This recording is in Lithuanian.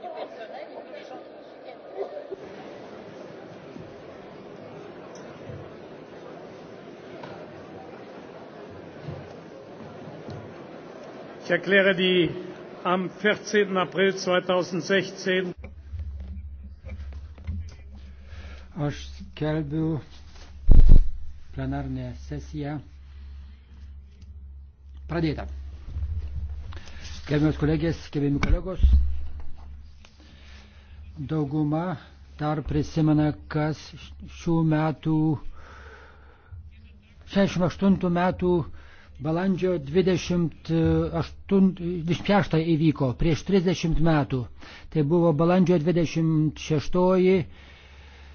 du personnel et puis des gens qui nous soutiennent. Ich erkläre die am 14. April 2016. Aš skelbiu plenarnę sesiją pradėtą. Gerbiamas kolegės, gerbiami kolegos dauguma dar prisimena, kas šių metų, 68 metų balandžio 28, 26 įvyko, prieš 30 metų. Tai buvo balandžio 26